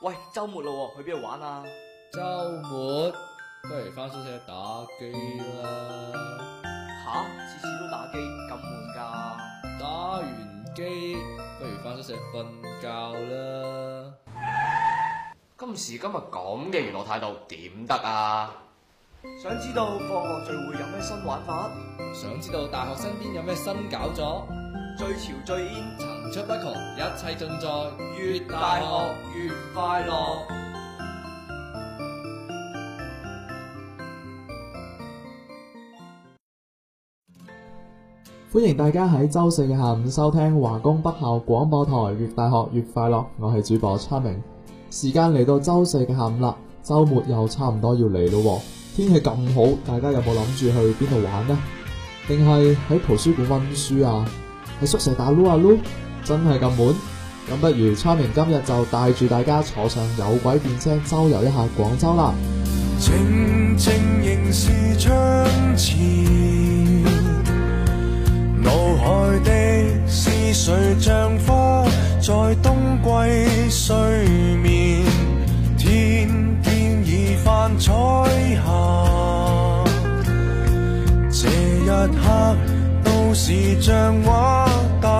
喂，周末咯，去邊度玩啊？周末不如翻宿舍打機啦。吓、啊，次次都打機，咁悶㗎？打完機，不如翻宿舍瞓覺啦、啊。今時今日咁嘅娛樂態度，點得啊？想知道放學聚會有咩新玩法？想知道大學身邊有咩新搞作？最潮最 in 出不窮，一切盡在越大學越快樂。歡迎大家喺周四嘅下午收聽華工北校廣播台《越大學越快樂》。我係主播 Charming，時間嚟到周四嘅下午啦。周末又差唔多要嚟咯，天氣咁好，大家有冇諗住去邊度玩呢？定係喺圖書館溫書啊？喺宿舍打擼啊擼？真係咁悶，咁不如昌明今日就帶住大家坐上有軌電車周遊一下廣州啦。靜靜凝視窗前，腦海的思緒像花在冬季睡眠，天邊已泛彩霞，這一刻都是像畫。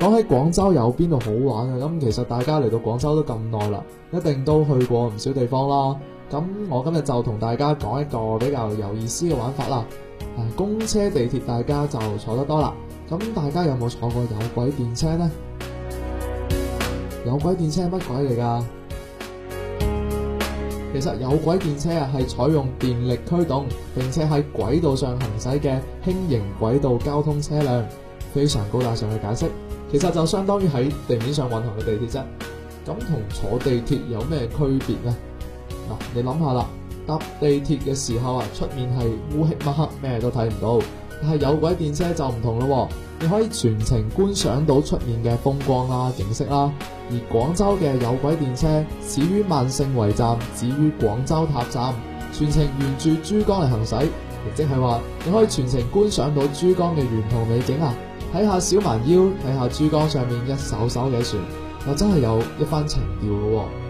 講起廣州有邊度好玩啊，咁其實大家嚟到廣州都咁耐啦，一定都去過唔少地方啦。咁我今日就同大家講一個比較有意思嘅玩法啦。公車、地鐵大家就坐得多啦。咁大家有冇坐過有軌電車呢？有軌電車係乜鬼嚟噶？其實有軌電車啊，係採用電力驅動，並且喺軌道上行駛嘅輕型軌道交通車輛。非常高大上嘅解釋，其實就相當於喺地面上運行嘅地鐵啫。咁同坐地鐵有咩區別咧？嗱、啊，你諗下啦，搭地鐵嘅時候啊，出面係烏黑乜黑，咩都睇唔到。但係有軌電車就唔同咯，你可以全程觀賞到出面嘅風光啦、啊、景色啦、啊。而廣州嘅有軌電車始於萬勝圍站，止於廣州塔站，全程沿住珠江嚟行駛。即係話你可以全程觀賞到珠江嘅沿途美景啊！睇下小蠻腰，睇下珠江上面一艘艘嘅船，我真係有一番情調喎。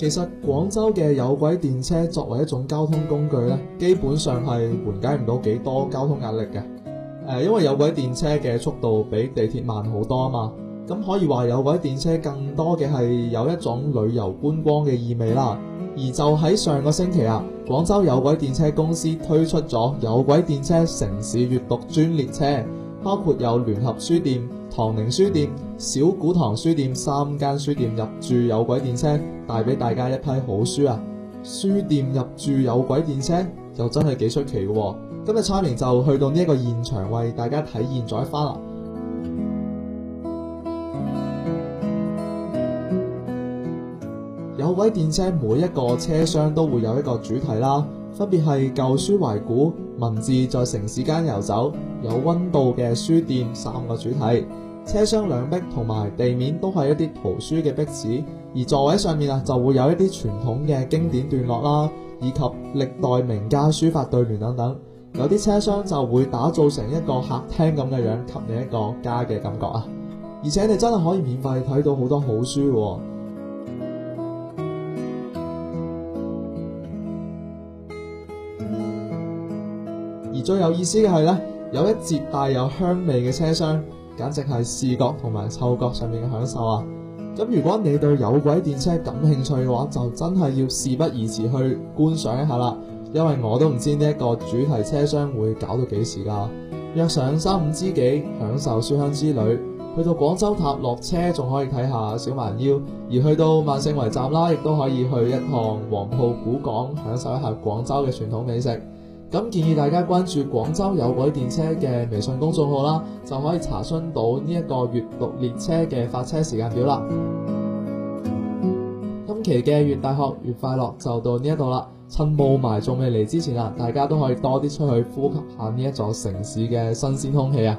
其實廣州嘅有軌電車作為一種交通工具咧，基本上係緩解唔到幾多交通壓力嘅。誒、呃，因為有軌電車嘅速度比地鐵慢好多啊嘛，咁可以話有軌電車更多嘅係有一種旅遊觀光嘅意味啦。而就喺上個星期啊，廣州有軌電車公司推出咗有軌電車城市閱讀專列車，包括有聯合書店。唐寧書店、小古堂書店三間書店入住有軌電車，帶俾大家一批好書啊！書店入住有軌電車又真係幾出奇嘅，今日差唔多就去到呢一個現場為大家體驗咗一番啦。有軌電車每一個車廂都會有一個主題啦，分別係舊書懷古。文字在城市間遊走，有溫度嘅書店三個主題。車廂兩壁同埋地面都係一啲圖書嘅壁紙，而座位上面啊就會有一啲傳統嘅經典段落啦，以及歷代名家書法對聯等等。有啲車廂就會打造成一個客廳咁嘅樣，給你一個家嘅感覺啊！而且你真係可以免費睇到好多好書。最有意思嘅係呢，有一節帶有香味嘅車廂，簡直係視覺同埋嗅覺上面嘅享受啊！咁如果你對有軌電車感興趣嘅話，就真係要事不宜遲去觀賞一下啦，因為我都唔知呢一個主題車廂會搞到幾時㗎。約上三五知己，享受書香之旅，去到廣州塔落車仲可以睇下小蠻腰，而去到萬勝圍站啦，亦都可以去一趟黃埔古港，享受一下廣州嘅傳統美食。咁建議大家關注廣州有軌電車嘅微信公眾號啦，就可以查詢到呢一個閱讀列車嘅發車時間表啦。今期嘅越大學越快樂就到呢一度啦，趁霧霾仲未嚟之前啊，大家都可以多啲出去呼吸下呢一座城市嘅新鮮空氣啊！